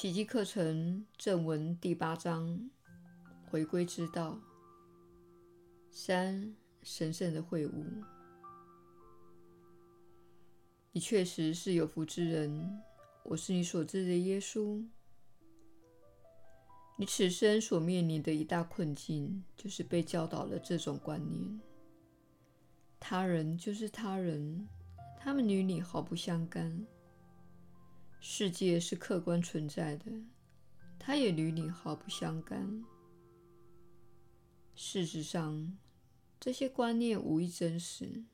奇蹟課程正文第八章：回歸之道。三、神聖的會晤。你確實是有福之人，我是你所知的耶穌。你此生所面臨的一大困境，就是被教導了這種觀念：他人就是他人，他們與你毫不相干。世界是客觀存在的，它也與你毫不相干。事實上，這些觀念無一真實。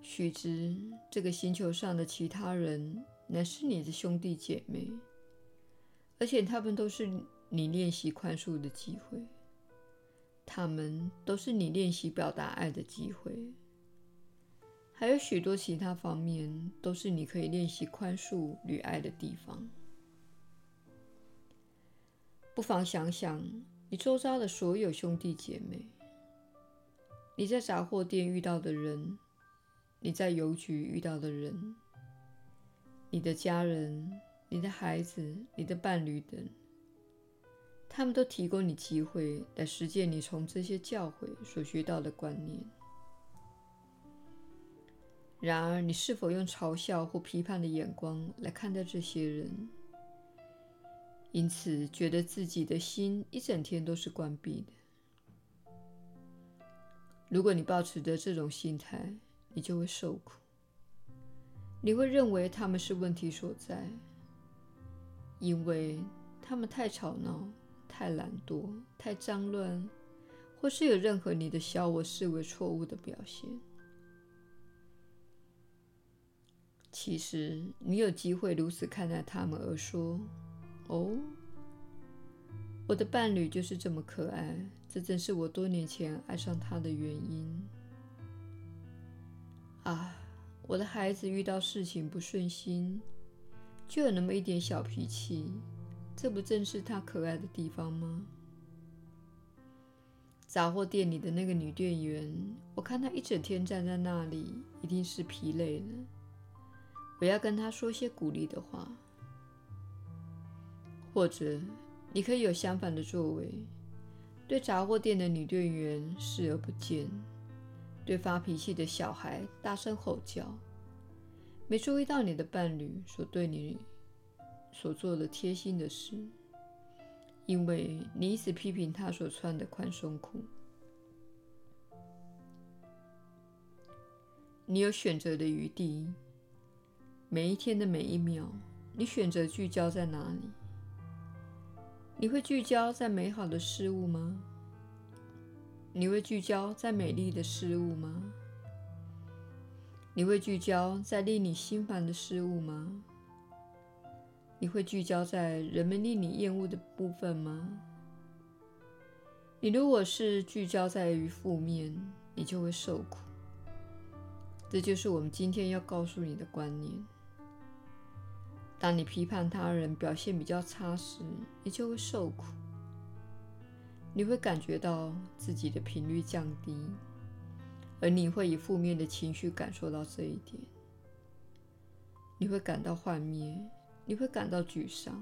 須知，這個星球上的其他人乃是你的兄弟姐妹，而且他們都是你練習寬恕的機會，他們都是你練習表達愛的機會。還有許多其他方面，都是你可以練習寬恕與愛的地方，不妨想想你周遭的所有兄弟姐妹，你在雜貨店遇到的人，你在郵局遇到的人，你的家人、你的孩子、你的伴侶等，他們都提供你機會來實踐你從這些教誨所學到的觀念。然而，你是否用嘲笑或批判的眼光來看待這些人？因此，覺得自己的心一整天都是關閉的。如果你抱持着這種心態，你就會受苦。你會認為他們是問題所在，因為他們太吵鬧、太懶惰、太髒亂，或是有任何你的小我視為錯誤的表現。其實，你有機會如此看待他們，而說：“哦，我的伴侶就是這麼可愛，這正是我多年前愛上他的原因。”啊，我的孩子遇到事情不順心，就有那麼一點小脾氣，這不正是他可愛的地方嗎？雜貨店裡的那個女店員，我看她一整天站在那裡，一定是疲累了。不要跟她說些鼓勵的話，或者你可以有相反的作為：對雜貨店的女店員視而不見，對發脾氣的小孩大聲吼叫。沒注意到你的伴侶所對你所做的貼心的事，因為你一直批評他所穿的寬鬆褲。你有選擇的餘地。每一天的每一秒，你選擇聚焦在哪裡？你會聚焦在美好的事物嗎？你會聚焦在美麗的事物嗎？你會聚焦在令你心煩的事物嗎？你會聚焦在人們令你厭惡的部分嗎？你如果是聚焦在於負面，你就會受苦。這就是我們今天要告訴你的觀念。當你批判他人表現比較差時，你就會受苦。你會感覺到自己的頻率降低，而你會以負面的情緒感受到這一點。你會感到幻滅，你會感到沮喪，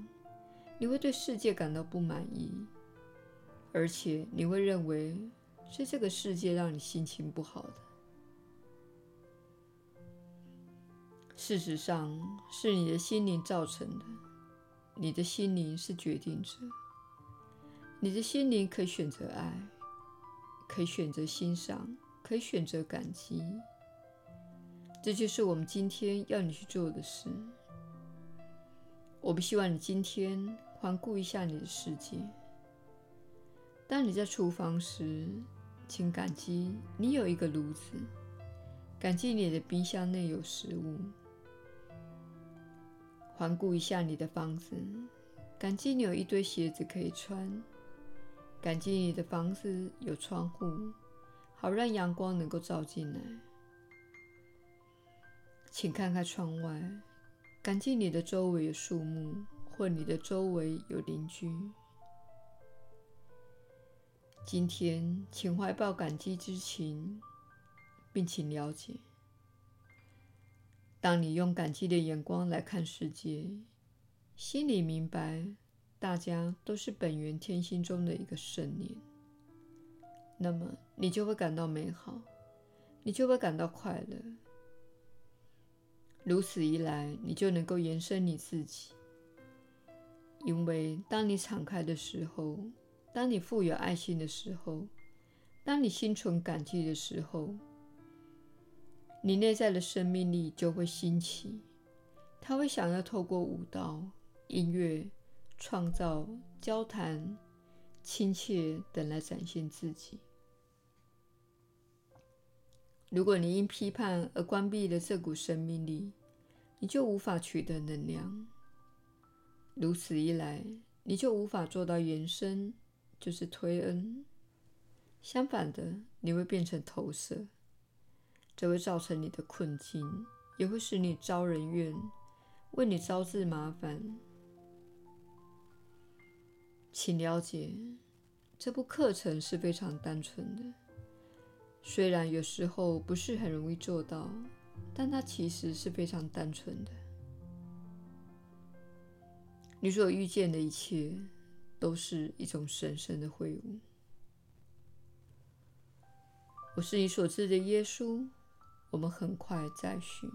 你會對世界感到不滿意，而且你會認為是這個世界讓你心情不好的。事實上，是你的心靈造成的。你的心靈是決定者。你的心靈可以選擇愛，可以選擇欣賞，可以選擇感激。這就是我們今天要你去做的事。我們希望你今天環顧一下你的世界。當你在廚房時，請感激你有一個爐子，感激你的冰箱內有食物。環顧一下你的房子，感激你有一堆鞋子可以穿，感激你的房子有窗戶，好讓陽光能夠照進來。請看看窗外，感激你的周圍有樹木，或你的周圍有鄰居。今天，請懷抱感激之情，並請了解。當你用感激的眼光來看世界，心裡明白大家都是本源天心中的一個聖念，那麼你就會感到美好，你就會感到快樂。如此一來，你就能夠延伸你自己，因為當你敞開的時候，當你富有愛心的時候，當你心存感激的時候。你內在的生命力就會興起，他會想要透過舞蹈、音樂、創造、交談、親切等來展現自己。如果你因批判而關閉了這股生命力，你就無法取得能量。如此一來，你就無法做到延伸，就是推恩。相反的，你會變成投射。這會造成你的困境，也會使你遭人怨，為你招致麻煩。請了解，這部課程是非常單純的，雖然有時候不是很容易做到，但它其實是非常單純的。你所遇見的一切，都是一種神聖的會晤。我是你所知的耶穌。我們很快再敘。